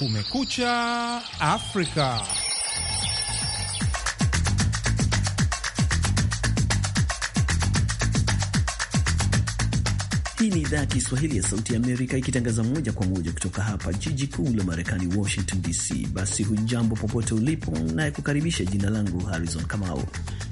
Kumekucha Afrika. Hii ni idhaa ya Kiswahili ya Sauti ya Amerika ikitangaza moja kwa moja kutoka hapa jiji kuu la Marekani, Washington DC. Basi hujambo popote ulipo, naye kukaribisha. Jina langu Harrison Kamau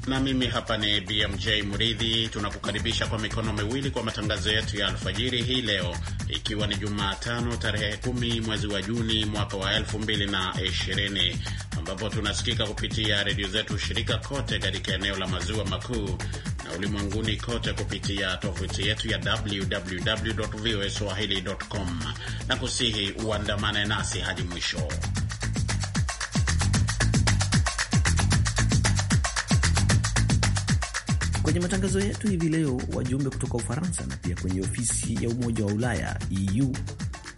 na mimi hapa ni BMJ mridhi Tunakukaribisha kwa mikono miwili kwa matangazo yetu ya alfajiri hii leo, ikiwa ni Jumatano tarehe kumi mwezi wa Juni mwaka wa elfu mbili na ishirini ambapo tunasikika kupitia redio zetu shirika kote katika eneo la maziwa makuu na ulimwenguni kote kupitia tovuti yetu ya www voa com, na kusihi uandamane nasi hadi mwisho. Kwenye matangazo yetu hivi leo, wajumbe kutoka Ufaransa na pia kwenye ofisi ya Umoja wa Ulaya EU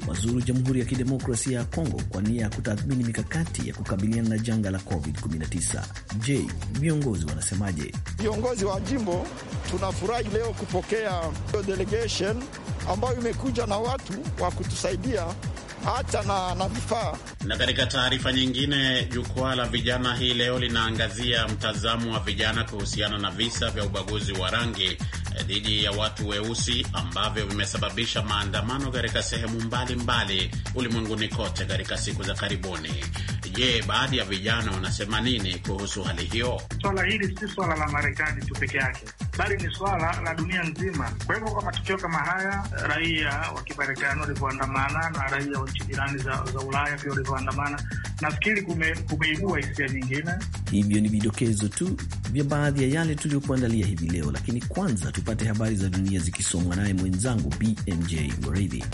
wazuru Jamhuri ya Kidemokrasia ya Kongo kwa nia ya kutathmini mikakati ya kukabiliana na janga la COVID-19. Je, viongozi wanasemaje? Viongozi wa jimbo tunafurahi leo kupokea delegation ambayo imekuja na watu wa kutusaidia hata na, na vifaa. Na katika taarifa nyingine, jukwaa la vijana hii leo linaangazia mtazamo wa vijana kuhusiana na visa vya ubaguzi wa rangi eh, dhidi ya watu weusi ambavyo vimesababisha maandamano katika sehemu mbalimbali ulimwenguni kote katika siku za karibuni. Je, baadhi ya vijana wanasema nini kuhusu hali hiyo? Swala hili si swala la Marekani tu peke yake, bali ni swala la dunia nzima. Kwa hivyo, kwa matukio kama haya, raia wa Kimarekani walivyoandamana na raia wa nchi jirani za, za Ulaya pia walivyoandamana, nafikiri kumeibua hisia nyingine. Hivyo ni vidokezo tu vya baadhi ya yale tuliyokuandalia hivi leo, lakini kwanza tupate habari za dunia zikisomwa naye mwenzangu BMJ Mridhi.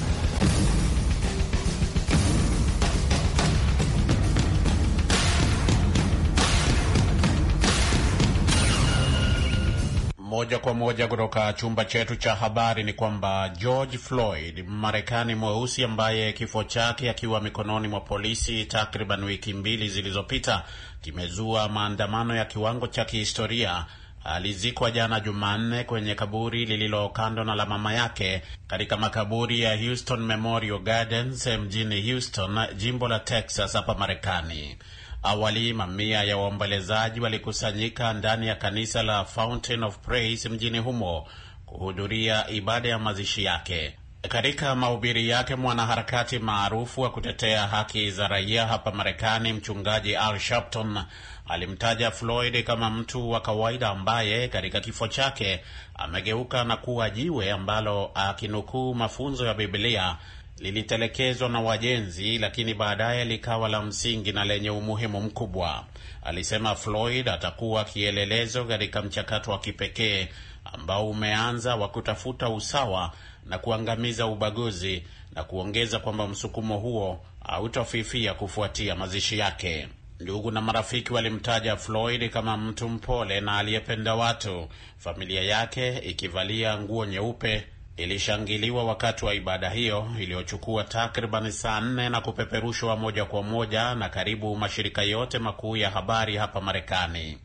moja kwa moja kutoka chumba chetu cha habari ni kwamba George Floyd, Marekani mweusi ambaye kifo chake akiwa mikononi mwa polisi takriban wiki mbili zilizopita kimezua maandamano ya kiwango cha kihistoria, alizikwa jana Jumanne kwenye kaburi lililo kando na la mama yake katika makaburi ya Houston Memorial Gardens mjini Houston, jimbo la Texas hapa Marekani. Awali mamia ya waombolezaji walikusanyika ndani ya kanisa la Fountain of Praise mjini humo kuhudhuria ibada ya mazishi yake. Katika mahubiri yake, mwanaharakati maarufu wa kutetea haki za raia hapa Marekani, mchungaji Al Sharpton alimtaja Floyd kama mtu wa kawaida ambaye katika kifo chake amegeuka na kuwa jiwe ambalo, akinukuu mafunzo ya Biblia, lilitelekezwa na wajenzi, lakini baadaye likawa la msingi na lenye umuhimu mkubwa. Alisema Floyd atakuwa kielelezo katika mchakato wa kipekee ambao umeanza wa kutafuta usawa na kuangamiza ubaguzi, na kuongeza kwamba msukumo huo hautafifia kufuatia mazishi yake. Ndugu na marafiki walimtaja Floyd kama mtu mpole na aliyependa watu, familia yake ikivalia nguo nyeupe ilishangiliwa wakati wa ibada hiyo iliyochukua takribani saa nne na kupeperushwa moja kwa moja na karibu mashirika yote makuu ya habari hapa Marekani.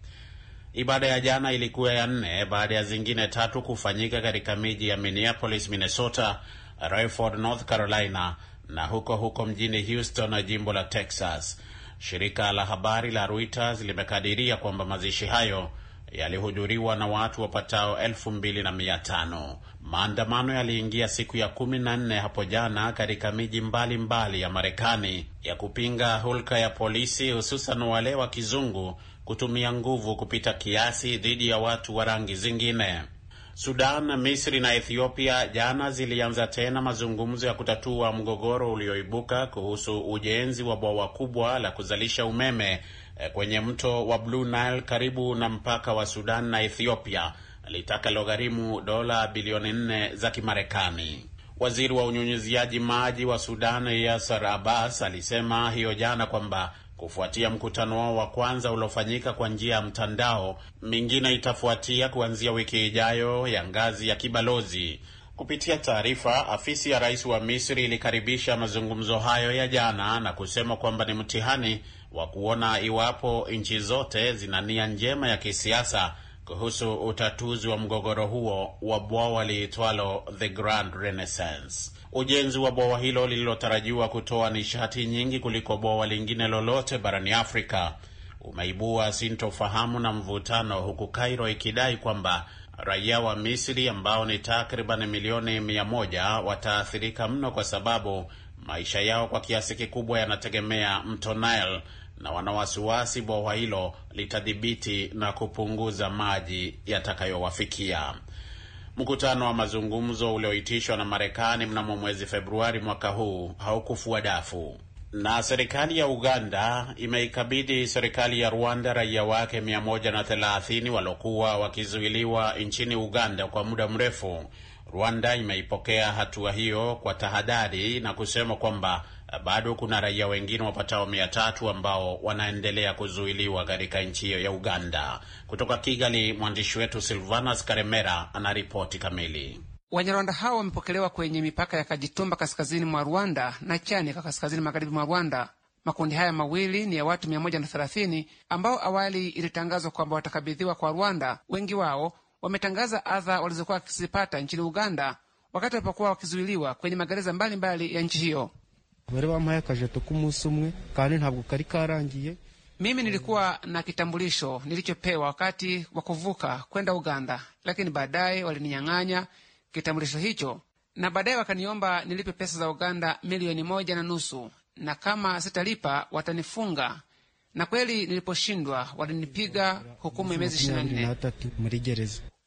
Ibada ya jana ilikuwa ya nne baada ya zingine tatu kufanyika katika miji ya Minneapolis, Minnesota, Rayford, North Carolina na huko huko mjini Houston na jimbo la Texas. Shirika la habari la Reuters limekadiria kwamba mazishi hayo yalihudhuriwa na watu wapatao elfu mbili na mia tano. Maandamano yaliingia siku ya kumi na nne hapo jana katika miji mbalimbali ya Marekani ya kupinga hulka ya polisi, hususan wale wa kizungu kutumia nguvu kupita kiasi dhidi ya watu wa rangi zingine. Sudan, Misri na Ethiopia jana zilianza tena mazungumzo ya kutatua mgogoro ulioibuka kuhusu ujenzi wa bwawa kubwa la kuzalisha umeme Eh, kwenye mto wa Blue Nile karibu na mpaka wa Sudan na Ethiopia litakalogharimu dola bilioni nne za Kimarekani. Waziri wa unyunyiziaji maji wa Sudan Yasar Abbas alisema hiyo jana kwamba kufuatia mkutano wao wa kwanza uliofanyika kwa njia ya mtandao, mingine itafuatia kuanzia wiki ijayo ya ngazi ya kibalozi. Kupitia taarifa, afisi ya rais wa Misri ilikaribisha mazungumzo hayo ya jana na kusema kwamba ni mtihani wa kuona iwapo nchi zote zina nia njema ya kisiasa kuhusu utatuzi wa mgogoro huo wa bwawa liitwalo The Grand Renaissance. Ujenzi wa bwawa hilo lililotarajiwa kutoa nishati nyingi kuliko bwawa lingine lolote barani Afrika umeibua sintofahamu na mvutano, huku Cairo ikidai kwamba raia wa Misri ambao ni takriban milioni mia moja wataathirika mno kwa sababu maisha yao kwa kiasi kikubwa yanategemea mto Nile na wana wasiwasi bwawa hilo litadhibiti na kupunguza maji yatakayowafikia. Mkutano wa mazungumzo ulioitishwa na Marekani mnamo mwezi Februari mwaka huu haukufua dafu na serikali ya Uganda imeikabidhi serikali ya Rwanda raia wake 130 waliokuwa wakizuiliwa nchini Uganda kwa muda mrefu Rwanda imeipokea hatua hiyo kwa tahadhari na kusema kwamba eh, bado kuna raia wengine wapatao mia tatu ambao wanaendelea kuzuiliwa katika nchi hiyo ya Uganda. Kutoka Kigali, mwandishi wetu Silvanas Karemera anaripoti kamili. Wanyarwanda hao wamepokelewa kwenye mipaka ya Kajitumba kaskazini mwa Rwanda na Chanika kaskazini magharibi mwa Rwanda. Makundi haya mawili ni ya watu 130 ambao awali ilitangazwa kwamba watakabidhiwa kwa Rwanda, wengi wao wametangaza adha walizokuwa wakizipata nchini Uganda wakati walipokuwa wakizuiliwa kwenye magereza mbalimbali ya nchi hiyo. Mimi nilikuwa na kitambulisho nilichopewa wakati wa kuvuka kwenda Uganda, lakini baadaye walininyang'anya kitambulisho hicho na baadaye wakaniomba nilipe pesa za Uganda milioni moja na nusu na kama sitalipa watanifunga. Na kweli niliposhindwa walinipiga hukumu ya miezi ishirini na nne.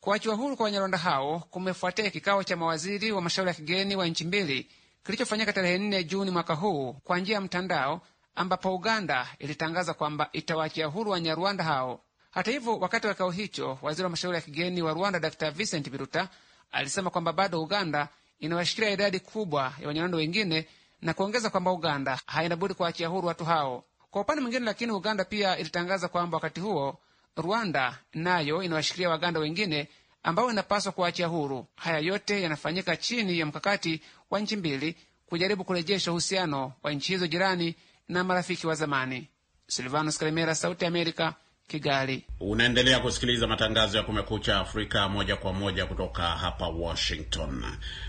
Kuachiwa huru kwa Wanyarwanda hao kumefuatia kikao cha mawaziri wa mashauri ya kigeni wa nchi mbili kilichofanyika tarehe nne Juni mwaka huu kwa njia ya mtandao, ambapo Uganda ilitangaza kwamba itawaachia huru Wanyarwanda hao. Hata hivyo, wakati wa kikao hicho, waziri wa mashauri ya kigeni wa Rwanda Dr Vincent Biruta alisema kwamba bado Uganda inawashikilia idadi kubwa ya Wanyarwanda wengine na kuongeza kwamba Uganda haina budi kuachia huru watu hao. Kwa upande mwingine, lakini Uganda pia ilitangaza kwamba wakati huo Rwanda nayo inawashikilia Waganda wengine ambao inapaswa kuwaachia huru. Haya yote yanafanyika chini ya mkakati wa nchi mbili kujaribu kurejesha uhusiano wa nchi hizo jirani na marafiki wa zamani. Silvanus Kalemera, Sauti Amerika, Kigali. Unaendelea kusikiliza matangazo ya Kumekucha Afrika moja kwa moja kutoka hapa Washington.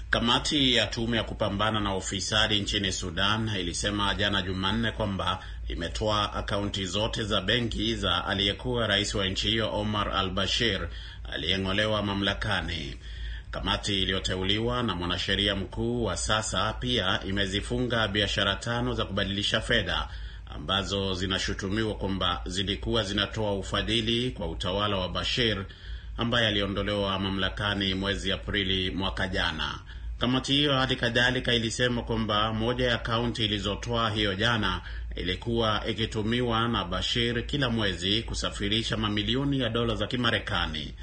Kamati ya tume ya kupambana na ufisadi nchini Sudan ilisema jana Jumanne kwamba imetoa akaunti zote za benki za aliyekuwa rais wa nchi hiyo Omar al Bashir aliyeng'olewa mamlakani. Kamati iliyoteuliwa na mwanasheria mkuu wa sasa pia imezifunga biashara tano za kubadilisha fedha ambazo zinashutumiwa kwamba zilikuwa zinatoa ufadhili kwa utawala wa Bashir ambaye aliondolewa mamlakani mwezi Aprili mwaka jana. Kamati hiyo hadi kadhalika ilisema kwamba moja ya kaunti ilizotoa hiyo jana ilikuwa ikitumiwa na Bashir kila mwezi kusafirisha mamilioni ya dola za Kimarekani.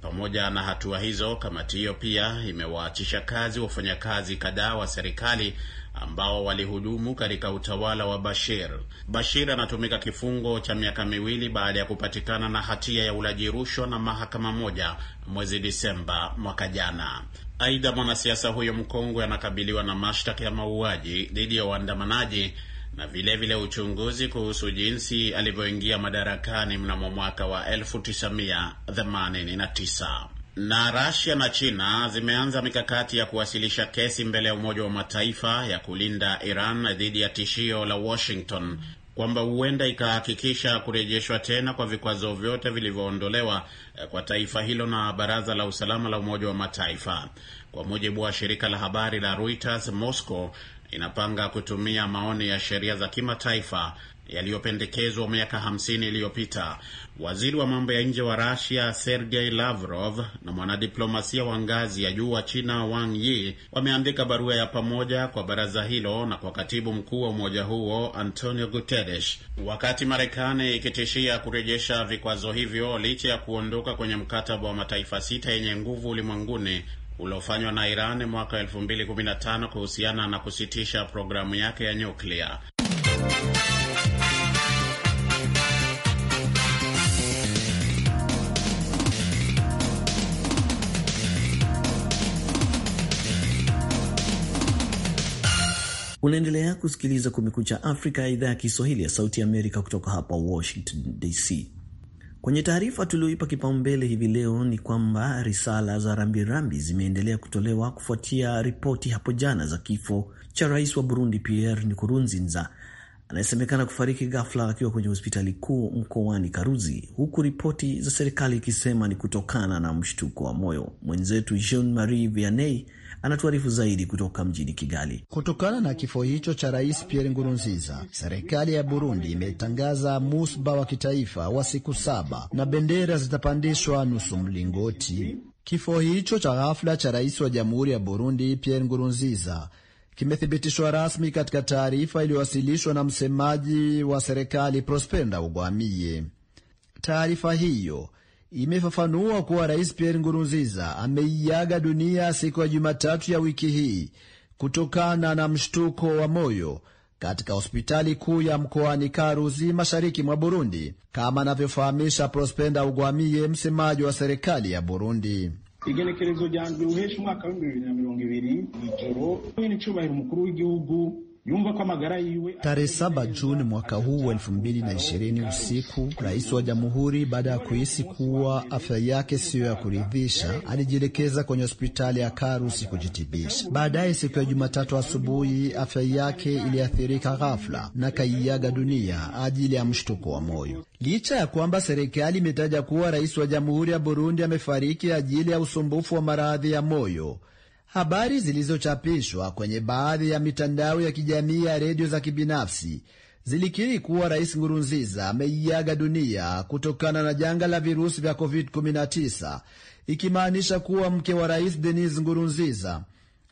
Pamoja na hatua hizo, kamati hiyo pia imewaachisha kazi wafanyakazi kadhaa wa serikali ambao walihudumu katika utawala wa Bashir. Bashir anatumika kifungo cha miaka miwili baada ya kupatikana na hatia ya ulaji rushwa na mahakama moja mwezi Disemba mwaka jana. Aidha, mwanasiasa huyo mkongwe anakabiliwa na mashtaka ya mauaji dhidi ya waandamanaji na vilevile vile uchunguzi kuhusu jinsi alivyoingia madarakani mnamo mwaka wa 1989. Na Russia na China zimeanza mikakati ya kuwasilisha kesi mbele ya Umoja wa Mataifa ya kulinda Iran dhidi ya tishio la Washington kwamba huenda ikahakikisha kurejeshwa tena kwa vikwazo vyote vilivyoondolewa eh, kwa taifa hilo na Baraza la Usalama la Umoja wa Mataifa. Kwa mujibu wa shirika la habari la Reuters, Moscow inapanga kutumia maoni ya sheria za kimataifa yaliyopendekezwa miaka 50 iliyopita. Waziri wa mambo ya nje wa rasia Sergei Lavrov na mwanadiplomasia wa ngazi ya juu wa China Wang Yi wameandika barua ya pamoja kwa baraza hilo na kwa katibu mkuu wa umoja huo Antonio Guterres, wakati Marekani ikitishia kurejesha vikwazo hivyo licha ya kuondoka kwenye mkataba wa mataifa sita yenye nguvu ulimwenguni uliofanywa na Iran mwaka 2015 kuhusiana na kusitisha programu yake ya nyuklia. Unaendelea kusikiliza Kumekucha Afrika ya idhaa ya Kiswahili ya Sauti Amerika kutoka hapa Washington DC. Kwenye taarifa tulioipa kipaumbele hivi leo ni kwamba risala za rambirambi zimeendelea kutolewa kufuatia ripoti hapo jana za kifo cha rais wa Burundi Pierre Nkurunziza anayesemekana kufariki ghafla akiwa kwenye hospitali kuu mkoani Karuzi, huku ripoti za serikali ikisema ni kutokana na mshtuko wa moyo. Mwenzetu Jean Marie Vianney anatuarifu zaidi kutoka mjini Kigali. Kutokana na kifo hicho cha Rais Pierre Nkurunziza, serikali ya Burundi imetangaza musba wa kitaifa wa siku saba na bendera zitapandishwa nusu mlingoti. Kifo hicho cha ghafla cha rais wa jamhuri ya Burundi Pierre Nkurunziza kimethibitishwa rasmi katika taarifa iliyowasilishwa na msemaji wa serikali Prosper Ndawugwamiye. Taarifa hiyo imefafanua kuwa Rais Pierre ngurunziza ameiaga dunia siku ya Jumatatu ya wiki hii kutokana na mshtuko wa moyo katika hospitali kuu ya mkoani Karuzi, mashariki mwa Burundi, kama anavyofahamisha Prospenda Ugwamiye, msemaji wa serikali ya Burundi. igenekerezo rya uheshe umwaka w'ibihumbi bibiri na mirongo ibiri ijoro ni icubahiro umukuru w'igihugu Tarehe saba Juni mwaka huu elfu mbili na ishirini usiku, rais wa jamhuri baada ya kuhisi kuwa afya yake siyo ya kuridhisha alijielekeza kwenye hospitali ya Karusi kujitibisha. Baadaye siku ya Jumatatu asubuhi afya yake iliathirika ghafla na kaiaga dunia ajili ya mshtuko wa moyo. Licha ya kwamba serikali imetaja kuwa rais wa jamhuri ya Burundi amefariki ajili ya usumbufu wa maradhi ya moyo Habari zilizochapishwa kwenye baadhi ya mitandao ya kijamii ya redio za kibinafsi zilikiri kuwa Rais Ngurunziza ameiaga dunia kutokana na janga la virusi vya COVID-19, ikimaanisha kuwa mke wa Rais Denis Ngurunziza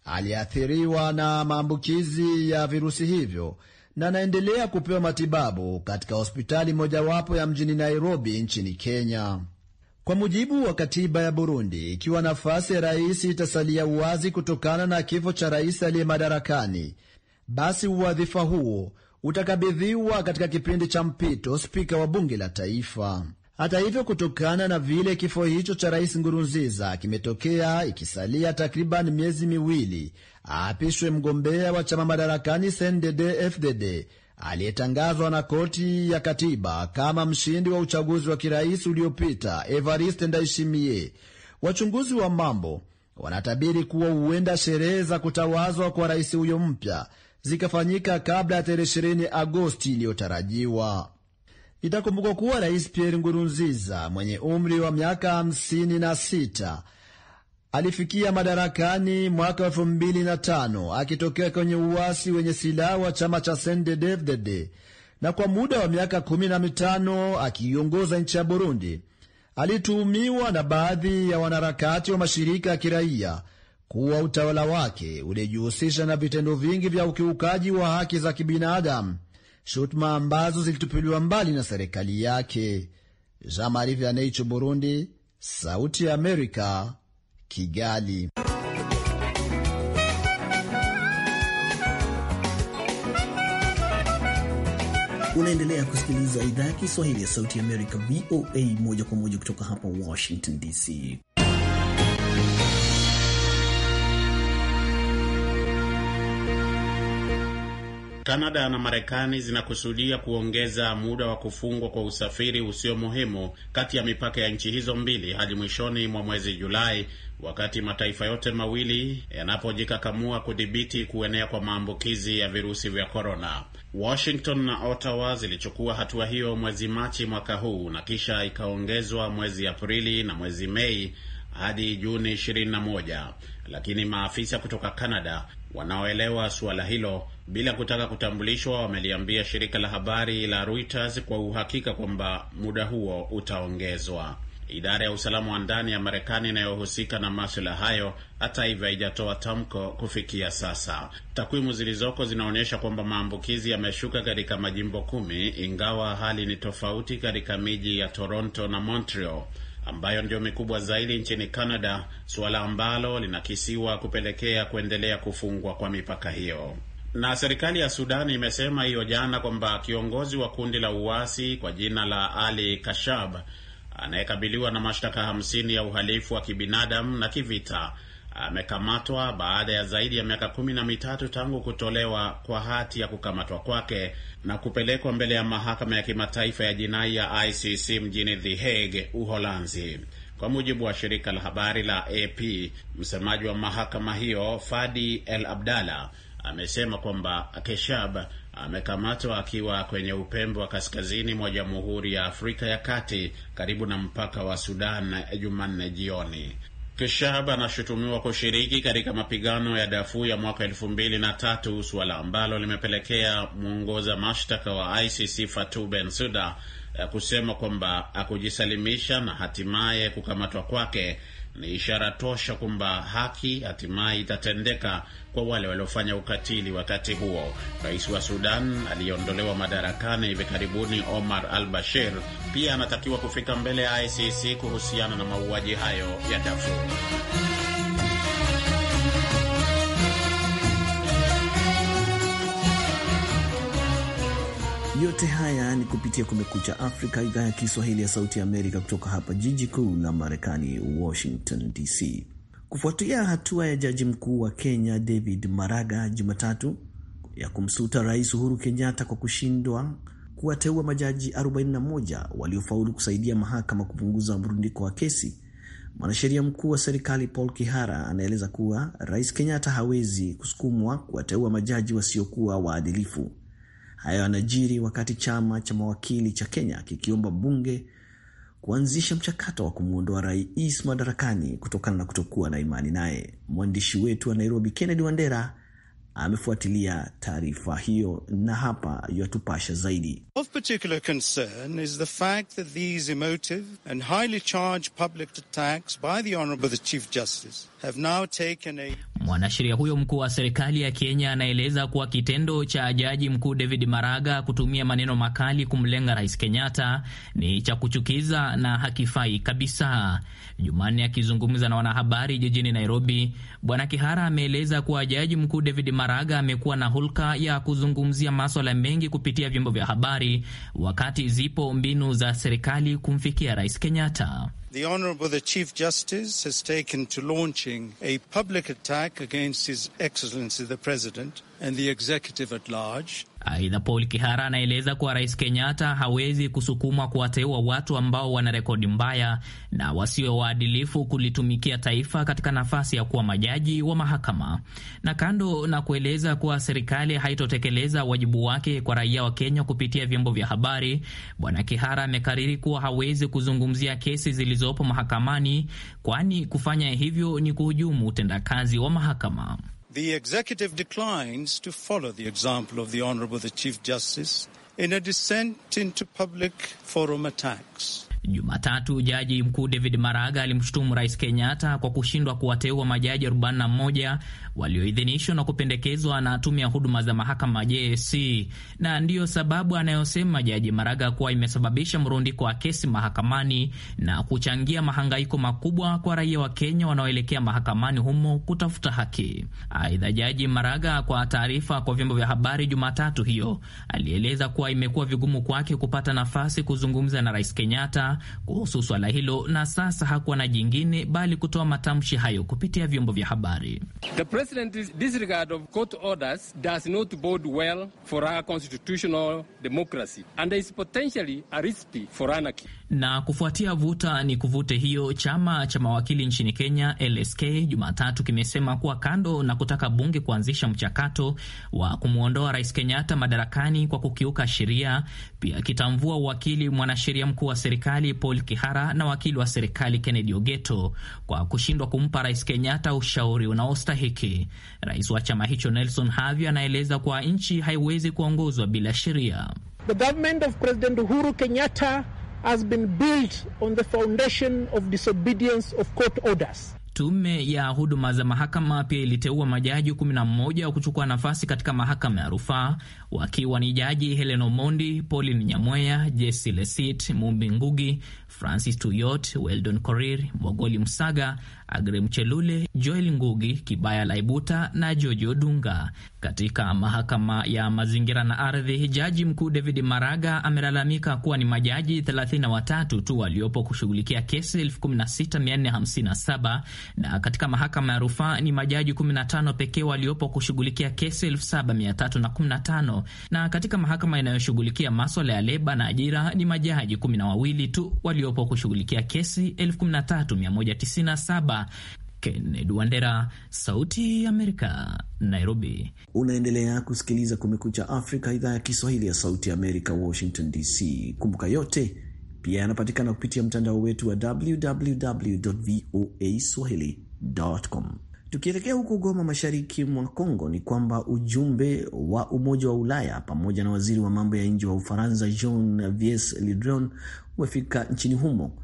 aliathiriwa na maambukizi ya virusi hivyo na anaendelea kupewa matibabu katika hospitali mojawapo ya mjini Nairobi nchini Kenya. Kwa mujibu wa katiba ya Burundi, ikiwa nafasi ya rais itasalia uwazi kutokana na kifo cha rais aliye madarakani, basi uwadhifa huo utakabidhiwa katika kipindi cha mpito spika wa bunge la taifa. Hata hivyo, kutokana na vile kifo hicho cha rais Ngurunziza kimetokea ikisalia takriban miezi miwili aapishwe mgombea wa chama madarakani CNDD-FDD aliyetangazwa na koti ya katiba kama mshindi wa uchaguzi wa kirais uliopita, Evariste Ndayishimiye. Wachunguzi wa mambo wanatabiri kuwa huenda sherehe za kutawazwa kwa rais huyo mpya zikafanyika kabla ya tarehe 20 Agosti iliyotarajiwa. Itakumbukwa kuwa rais Pierre Ngurunziza mwenye umri wa miaka 56 Alifikia madarakani mwaka tano akitokea kwenye uwasi wenye silaha wa chama cha CNDD-FDD na kwa muda wa miaka mitano akiiongoza nchi ya Burundi. Alituhumiwa na baadhi ya wanaharakati wa mashirika ya kiraia kuwa utawala wake ulijihusisha na vitendo vingi vya ukiukaji wa haki za kibinadamu, shutuma ambazo zilitupiliwa mbali na serikali yake. Jean Marie Vianney, Burundi, Sauti ya Amerika, Kigali. Unaendelea kusikiliza idhaa ya Kiswahili ya Sauti ya Amerika, VOA, moja kwa moja kutoka hapa Washington DC. Kanada na Marekani zinakusudia kuongeza muda wa kufungwa kwa usafiri usio muhimu kati ya mipaka ya nchi hizo mbili hadi mwishoni mwa mwezi Julai wakati mataifa yote mawili yanapojikakamua kudhibiti kuenea kwa maambukizi ya virusi vya korona. Washington na Ottawa zilichukua hatua hiyo mwezi Machi mwaka huu na kisha ikaongezwa mwezi Aprili na mwezi Mei hadi Juni 21, lakini maafisa kutoka Canada wanaoelewa suala hilo bila kutaka kutambulishwa wameliambia shirika la habari la Reuters kwa uhakika kwamba muda huo utaongezwa. Idara ya usalama wa ndani ya Marekani inayohusika na maswala hayo, hata hivyo, haijatoa tamko kufikia sasa. Takwimu zilizoko zinaonyesha kwamba maambukizi yameshuka katika majimbo kumi, ingawa hali ni tofauti katika miji ya Toronto na Montreal ambayo ndio mikubwa zaidi nchini Canada, suala ambalo linakisiwa kupelekea kuendelea kufungwa kwa mipaka hiyo. Na serikali ya Sudani imesema hiyo jana kwamba kiongozi wa kundi la uasi kwa jina la Ali Kashab anayekabiliwa na mashtaka hamsini ya uhalifu wa kibinadamu na kivita amekamatwa baada ya zaidi ya miaka kumi na mitatu tangu kutolewa kwa hati ya kukamatwa kwake na kupelekwa mbele ya mahakama ya kimataifa ya jinai ya ICC mjini The Hague, Uholanzi. Kwa mujibu wa shirika la habari la AP, msemaji wa mahakama hiyo Fadi El Abdalla amesema kwamba Keshab amekamatwa akiwa kwenye upembo wa kaskazini mwa Jamhuri ya Afrika ya Kati karibu na mpaka wa Sudan Jumanne jioni. Keshab anashutumiwa kushiriki katika mapigano ya dafu ya mwaka elfu mbili na tatu, suala ambalo limepelekea mwongoza mashtaka wa ICC Fatou Bensouda eh, kusema kwamba akujisalimisha na hatimaye kukamatwa kwake ni ishara tosha kwamba haki hatimaye itatendeka kwa wale waliofanya ukatili wakati huo. Rais wa Sudan aliyeondolewa madarakani hivi karibuni Omar al Bashir pia anatakiwa kufika mbele ya ICC kuhusiana na mauaji hayo ya Darfur. Yote haya ni kupitia Kumekucha Afrika, idhaa ya Kiswahili ya Sauti ya Amerika, kutoka hapa jiji kuu la Marekani, Washington DC. Kufuatia hatua ya jaji mkuu wa Kenya David Maraga Jumatatu ya kumsuta Rais Uhuru Kenyatta kwa kushindwa kuwateua majaji 41 waliofaulu kusaidia mahakama kupunguza mrundiko wa kesi, mwanasheria mkuu wa serikali Paul Kihara anaeleza kuwa Rais Kenyatta hawezi kusukumwa kuwateua majaji wasiokuwa waadilifu. Hayo yanajiri wakati chama cha mawakili cha Kenya kikiomba bunge kuanzisha mchakato wa kumwondoa rais madarakani kutokana na kutokuwa na imani naye. Mwandishi wetu wa Nairobi, Kennedy Wandera, amefuatilia taarifa hiyo na hapa yatupasha zaidi. Of particular concern is the fact that these emotive and highly charged public attacks by the Honorable the Chief Justice have now taken a... Mwanasheria huyo mkuu wa serikali ya Kenya anaeleza kuwa kitendo cha jaji mkuu David Maraga kutumia maneno makali kumlenga Rais Kenyatta ni cha kuchukiza na hakifai kabisa. Jumanne akizungumza na wanahabari jijini Nairobi, Bwana Kihara ameeleza kuwa jaji mkuu David Maraga Maraga amekuwa na hulka ya kuzungumzia maswala mengi kupitia vyombo vya habari, wakati zipo mbinu za serikali kumfikia Rais Kenyatta. The Honourable the Chief Justice has taken to launching a public attack against His Excellency the President and the executive at large. Aidha, Paul Kihara anaeleza kuwa Rais Kenyatta hawezi kusukumwa kuwateua watu ambao wana rekodi mbaya na wasiwe waadilifu kulitumikia taifa katika nafasi ya kuwa majaji wa mahakama. Na kando na kueleza kuwa serikali haitotekeleza wajibu wake kwa raia wa Kenya kupitia vyombo vya habari, Bwana Kihara amekariri kuwa hawezi kuzungumzia kesi zilizo zilizopo mahakamani, kwani kufanya hivyo ni kuhujumu utendakazi wa mahakama. The executive declines to follow the example of the Honorable the Chief Justice in a descent into public forum attacks. Jumatatu jaji mkuu David Maraga alimshutumu rais Kenyatta kwa kushindwa kuwateua majaji 41 walioidhinishwa na kupendekezwa na tume ya huduma za mahakama JSC, na ndiyo sababu anayosema jaji Maraga kuwa imesababisha mrundiko wa kesi mahakamani na kuchangia mahangaiko makubwa kwa raia wa Kenya wanaoelekea mahakamani humo kutafuta haki. Aidha, jaji Maraga kwa taarifa kwa vyombo vya habari Jumatatu hiyo alieleza kuwa imekuwa vigumu kwake kupata nafasi kuzungumza na rais Kenyatta kuhusu swala hilo, na sasa hakuwa na jingine bali kutoa matamshi hayo kupitia vyombo vya habari. The president's disregard of court orders does not bode well for our constitutional democracy and is potentially a recipe for anarchy. Na kufuatia vuta ni kuvute hiyo, chama cha mawakili nchini Kenya LSK Jumatatu kimesema kuwa kando na kutaka bunge kuanzisha mchakato wa kumwondoa rais Kenyatta madarakani kwa kukiuka sheria, pia kitamvua uwakili mwanasheria mkuu wa serikali serikali Paul Kihara na wakili wa serikali Kennedy Ogeto kwa kushindwa kumpa Rais Kenyatta ushauri unaostahiki. Rais wa chama hicho Nelson Havi anaeleza kuwa nchi haiwezi kuongozwa bila sheria. The government of President Uhuru Kenyatta has been built on the foundation of disobedience of court orders. Tume ya huduma za mahakama pia iliteua majaji 11 wa kuchukua nafasi katika mahakama ya rufaa wakiwa ni Jaji Helen Omondi, Pauline Nyamweya, Jesse Lesit, Mumbi Ngugi, Francis Tuyot, Weldon Korir, Mogoli Msaga Agrem Chelule, Joel Ngugi, Kibaya Laibuta na jorji odunga Katika mahakama ya mazingira na ardhi, jaji mkuu David Maraga amelalamika kuwa ni majaji 33 tu waliopo kushughulikia kesi 16457 na katika mahakama ya rufaa ni majaji 15 pekee waliopo kushughulikia kesi 7315 na katika mahakama inayoshughulikia maswala ya leba na ajira ni majaji 12 tu waliopo kushughulikia kesi 13197 Kennedy Wandera, Sauti ya Amerika, Nairobi. Unaendelea kusikiliza Kumekucha Afrika, idhaa ya Kiswahili ya Sauti ya Amerika, Washington DC. Kumbuka yote pia yanapatikana kupitia mtandao wetu wa www voa www.voaswahili.com. Tukielekea huko Goma, mashariki mwa congo ni kwamba ujumbe wa Umoja wa Ulaya pamoja na waziri wa mambo ya nje wa Ufaransa Jean Yves Le Drian umefika nchini humo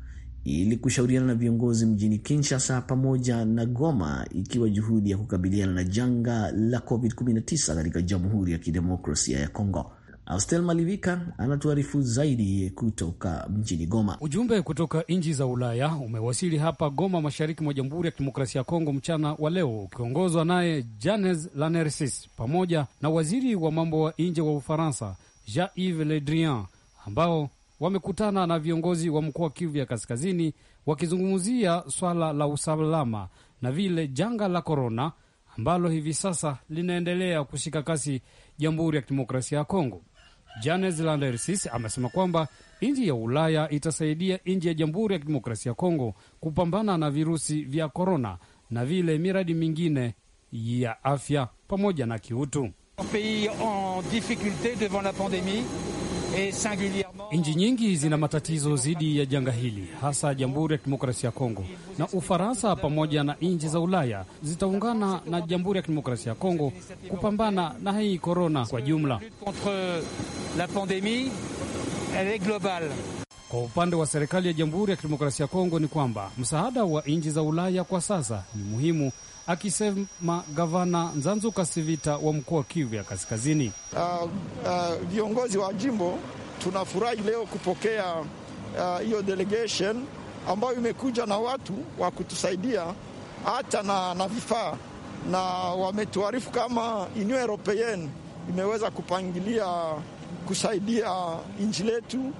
ili kushauriana na viongozi mjini Kinshasa pamoja na Goma, ikiwa juhudi ya kukabiliana na janga la COVID-19 katika Jamhuri ya Kidemokrasia ya Kongo. Austel Malivika anatuarifu zaidi kutoka mjini Goma. Ujumbe kutoka nchi za Ulaya umewasili hapa Goma, mashariki mwa Jamhuri ya Kidemokrasia ya Kongo mchana wa leo, ukiongozwa naye Janes Lanersis pamoja na waziri wa mambo wa nje wa Ufaransa Jean-Yves Le Drian ambao wamekutana na viongozi wa mkoa wa Kivu ya Kaskazini wakizungumzia swala la usalama na vile janga la korona ambalo hivi sasa linaendelea kushika kasi Jamhuri ya Kidemokrasia ya Kongo. Janes Landersis amesema kwamba nchi ya Ulaya itasaidia nchi ya Jamhuri ya Kidemokrasia ya Kongo kupambana na virusi vya korona na vile miradi mingine ya afya pamoja na kiutu. Eh, nchi nyingi zina matatizo dhidi ya janga hili, hasa Jamhuri ya Kidemokrasia ya Kongo na Ufaransa pamoja na nchi za Ulaya zitaungana na Jamhuri ya Kidemokrasia ya Kongo kupambana na hii korona kwa jumla. Kwa upande wa serikali ya Jamhuri ya Kidemokrasia ya Kongo ni kwamba msaada wa nchi za Ulaya kwa sasa ni muhimu, akisema gavana Nzanzu Kasivita wa mkoa wa Kivu ya Kaskazini. Viongozi uh, ah, ah, viongozi wa jimbo tunafurahi leo kupokea ah, hiyo uh, delegation ambayo imekuja na watu wa kutusaidia hata na, na vifaa na wametuarifu kama Union Europeen imeweza kupangilia kusaidia nchi letu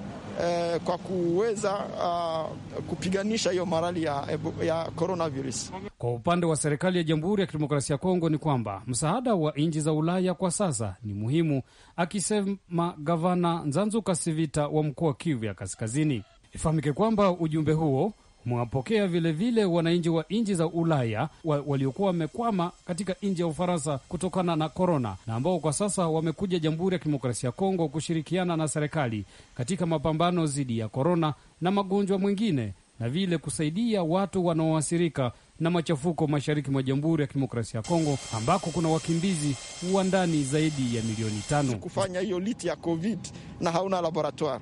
eh, kwa kuweza uh, kupiganisha hiyo marali ya, ya coronavirus. Kwa upande wa serikali ya Jamhuri ya Kidemokrasia ya Kongo ni kwamba msaada wa nchi za Ulaya kwa sasa ni muhimu, akisema gavana Nzanzu Kasivita wa mkoa wa Kivu ya Kaskazini. Ifahamike kwamba ujumbe huo Mwapokea vilevile wananchi wa nchi za Ulaya wa, waliokuwa wamekwama katika nchi ya Ufaransa kutokana na korona na ambao kwa sasa wamekuja Jamhuri ya Kidemokrasia ya Kongo kushirikiana na serikali katika mapambano dhidi ya korona na magonjwa mwingine na vile kusaidia watu wanaoathirika na machafuko mashariki mwa Jamhuri ya Kidemokrasia ya Kongo ambako kuna wakimbizi wa ndani zaidi ya milioni tano. Kufanya hiyo liti ya covid na hauna laboratoire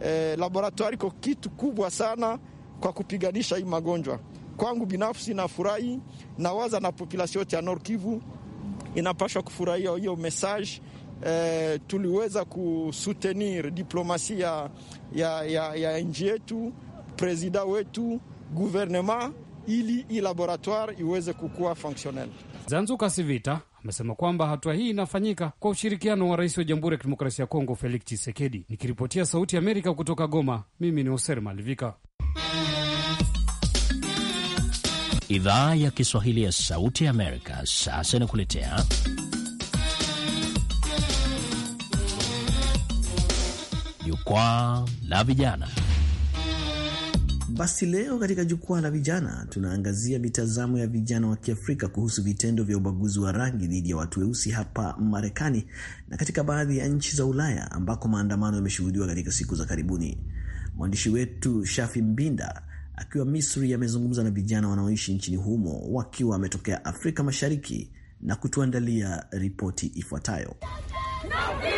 eh, laboratoire iko kitu kubwa sana kwa kupiganisha hii magonjwa. Kwangu binafsi nafurahi, nawaza na populasi yote ya Nord Kivu inapashwa kufurahia hiyo mesaje. E, eh, tuliweza kusutenir diplomasia ya, ya, ya nchi yetu, presida wetu, guvernema ili hii laboratoire iweze kukuwa fonctionnel. Zanzu Kasivita amesema kwamba hatua hii inafanyika kwa ushirikiano wa rais wa Jamhuri ya Kidemokrasia ya Kongo Felix Tshisekedi. Nikiripotia Sauti ya Amerika kutoka Goma, mimi ni Hoser Malivika. Idhaa ya Kiswahili ya Sauti ya Amerika sasa inakuletea Jukwaa la Vijana. Basi leo katika Jukwaa la Vijana tunaangazia mitazamo ya vijana wa Kiafrika kuhusu vitendo vya ubaguzi wa rangi dhidi ya watu weusi hapa Marekani na katika baadhi ya nchi za Ulaya ambako maandamano yameshuhudiwa katika siku za karibuni. Mwandishi wetu Shafi Mbinda akiwa Misri amezungumza na vijana wanaoishi nchini humo wakiwa wametokea Afrika Mashariki na kutuandalia ripoti ifuatayo. No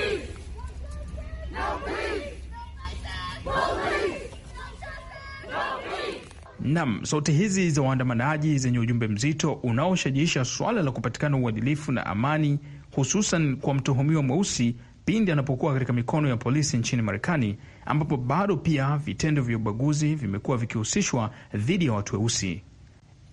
Nam, sauti hizi za waandamanaji zenye ujumbe mzito unaoshajiisha swala la kupatikana uadilifu na amani, hususan kwa mtuhumiwa mweusi pindi anapokuwa katika mikono ya polisi nchini Marekani, ambapo bado pia vitendo vya ubaguzi vimekuwa vikihusishwa dhidi ya watu weusi.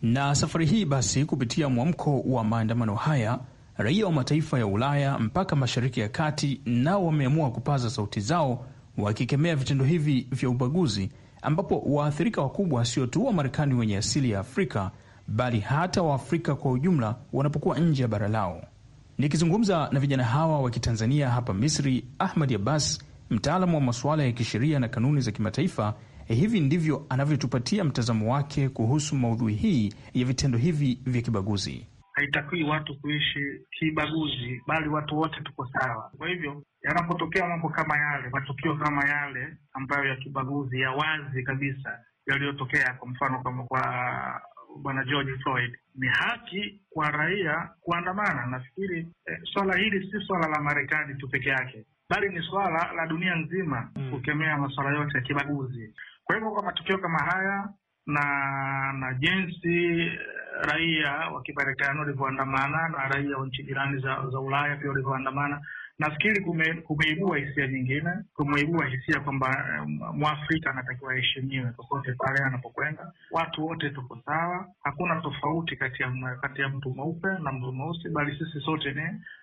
Na safari hii basi, kupitia mwamko wa maandamano haya, raia wa mataifa ya Ulaya mpaka Mashariki ya Kati nao wameamua kupaza sauti zao wakikemea vitendo hivi vya ubaguzi, ambapo waathirika wakubwa sio tu wa Marekani wenye asili ya Afrika bali hata Waafrika kwa ujumla wanapokuwa nje ya bara lao. Nikizungumza na vijana hawa wa Kitanzania hapa Misri, Ahmad Abbas, mtaalamu wa masuala ya kisheria na kanuni za kimataifa, eh, hivi ndivyo anavyotupatia mtazamo wake kuhusu maudhui hii ya vitendo hivi vya kibaguzi. Haitakiwi watu kuishi kibaguzi, bali watu wote tuko sawa. Kwa hivyo yanapotokea mambo kama yale, matukio kama yale ambayo ya kibaguzi ya wazi kabisa yaliyotokea, kwa mfano kama kwa bwana George Floyd. Ni haki kwa raia kuandamana. Nafikiri eh, swala hili si swala la Marekani tu peke yake, bali ni swala la dunia nzima hmm. kukemea masuala yote ya kibaguzi. Kwa hivyo, kwa matukio kama haya na na jinsi eh, raia wa Kimarekani walivyoandamana na raia wa nchi jirani za, za Ulaya pia walivyoandamana Nafikiri kume, kumeibua hisia nyingine, kumeibua hisia kwamba eh, mwafrika anatakiwa aheshimiwe popote pale anapokwenda. Watu wote tuko sawa, hakuna tofauti kati ya kati ya mtu mweupe na mtu mweusi, bali sisi sote ni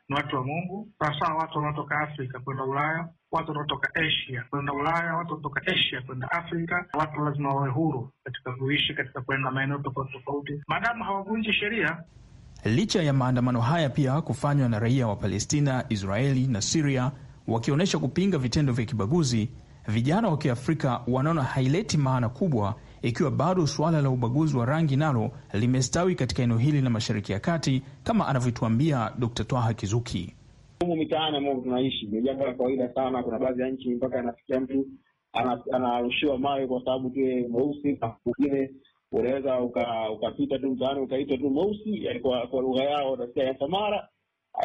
ni watu wa Mungu, sawasawa watu wanaotoka Afrika kwenda Ulaya, watu wanaotoka Asia kwenda Ulaya, watu wanaotoka Asia kwenda Afrika. Watu lazima wawe huru katika kuishi, katika kuenda maeneo tofauti tofauti, maadamu hawavunji sheria licha ya maandamano haya pia kufanywa na raia wa Palestina, Israeli na Siria wakionyesha kupinga vitendo vya kibaguzi. Vijana wa Kiafrika wanaona haileti maana kubwa ikiwa bado suala la ubaguzi wa rangi nalo limestawi katika eneo hili la Mashariki ya Kati, kama anavyotuambia Dkt. Twaha Kizuki. Humu mitaani ambao tunaishi ni jambo la kawaida sana. Kuna baadhi ya nchi mpaka anafikia mtu anarushiwa mawe kwa sababu tu mweusi na mwingine unaweza ukapita tu mtaani ukaita tu mweusi, yani kwa kwa lugha yao nasikia ya Samara.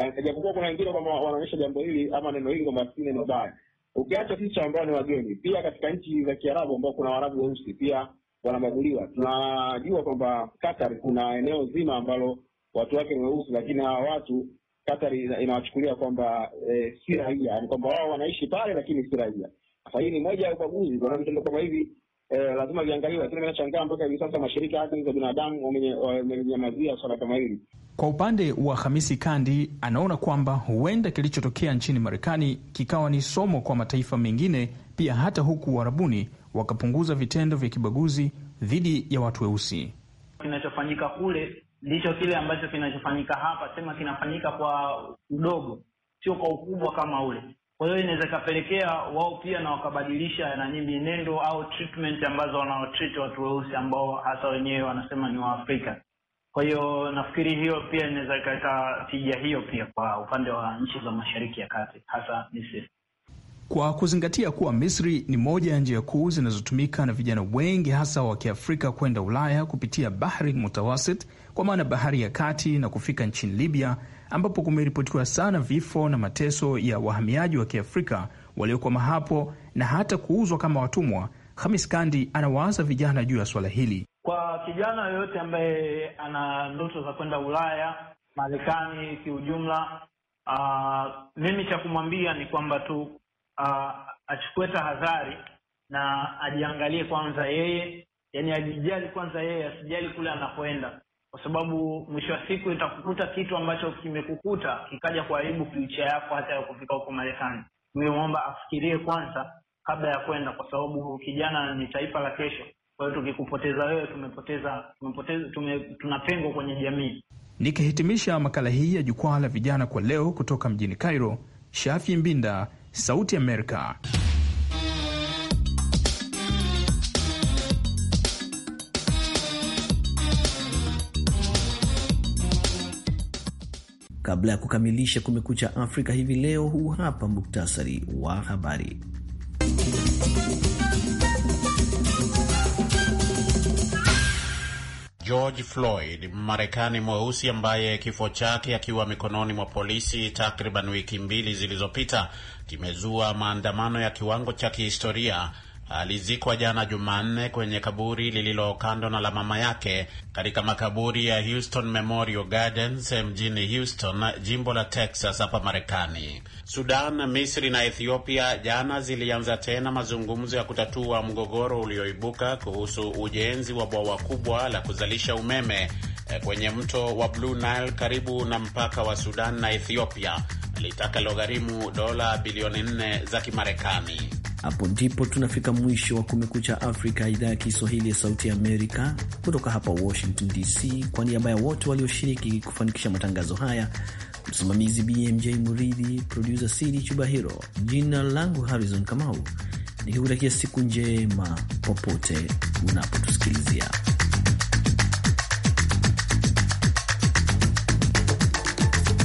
Eh, japokuwa kuna wengine kwamba wanaonyesha jambo hili ama neno hili kwamba si neno baya, ukiacha sisi ambao ni wageni pia katika nchi za Kiarabu ambao kuna warabu weusi pia wanabaguliwa. Tunajua kwamba katar kuna eneo zima ambalo watu wake ni weusi, lakini hawa watu katar inawachukulia kwamba e, si raia, yani kwamba wao wanaishi pale lakini si raia. Sasa hii ni moja ya ubaguzi. Kwa mtendo kama hivi eh, lazima viangaliwe, lakini nachangaa mpaka hivi sasa mashirika ya haki za binadamu wamenyamazia swala kama hili. Kwa upande wa Hamisi Kandi, anaona kwamba huenda kilichotokea nchini Marekani kikawa ni somo kwa mataifa mengine pia, hata huku Uarabuni wakapunguza vitendo vya kibaguzi dhidi ya watu weusi. Kinachofanyika kule ndicho kile ambacho kinachofanyika hapa, sema kinafanyika kwa udogo, sio kwa ukubwa kama ule. Kwa hiyo inaweza ikapelekea wao pia na wakabadilisha nani mienendo au treatment ambazo wanaotreat watu weusi ambao hasa wenyewe wanasema ni Waafrika. Kwa hiyo nafikiri hiyo pia inaweza ikaleta tija hiyo pia kwa upande wa nchi za Mashariki ya Kati, hasa Misri, kwa kuzingatia kuwa Misri ni moja ya njia kuu zinazotumika na vijana wengi hasa wa Kiafrika kwenda Ulaya kupitia Bahari Mutawasit, kwa maana bahari ya Kati, na kufika nchini Libya ambapo kumeripotiwa sana vifo na mateso ya wahamiaji wa Kiafrika waliokwama hapo na hata kuuzwa kama watumwa. Hamis Kandi anawaasa vijana juu ya swala hili. Kwa kijana yoyote ambaye ana ndoto za kwenda Ulaya, Marekani kiujumla, uh, mimi cha kumwambia ni kwamba tu uh, achukue tahadhari na ajiangalie kwanza yeye, yani ajijali kwanza yeye, asijali kule anapoenda kwa sababu mwisho wa siku itakukuta kitu ambacho kimekukuta kikaja kuharibu future yako hata ya kufika huko Marekani. Nimemwomba afikirie kwanza kabla ya kwenda, kwa sababu kijana ni taifa la kesho. Kwa hiyo tukikupoteza wewe, tumepoteza tumepoteza tume, tuna pengo kwenye jamii. Nikihitimisha makala hii ya jukwaa la vijana kwa leo kutoka mjini Cairo, Shafi Mbinda, Sauti Amerika. Kabla ya kukamilisha Kumekucha Afrika hivi leo, huu hapa muktasari wa habari. George Floyd, Marekani mweusi ambaye kifo chake akiwa mikononi mwa polisi takriban wiki mbili zilizopita kimezua maandamano ya kiwango cha kihistoria alizikwa jana Jumanne kwenye kaburi lililo kando na la mama yake katika makaburi ya Houston Memorial Gardens mjini Houston, jimbo la Texas hapa Marekani. Sudan, Misri na Ethiopia jana zilianza tena mazungumzo ya kutatua mgogoro ulioibuka kuhusu ujenzi wa bwawa kubwa la kuzalisha umeme eh, kwenye mto wa Blue Nile karibu na mpaka wa Sudan na Ethiopia litakalogharimu dola bilioni 4 za Kimarekani. Hapo ndipo tunafika mwisho wa Kumekucha Afrika, idhaa ya Kiswahili ya Sauti ya Amerika, kutoka hapa Washington DC. Kwa niaba ya wote walioshiriki kufanikisha matangazo haya, msimamizi BMJ Muridhi, produsa Sidi Chubahiro, jina langu Harrison Kamau, nikikutakia siku njema popote unapotusikilizia.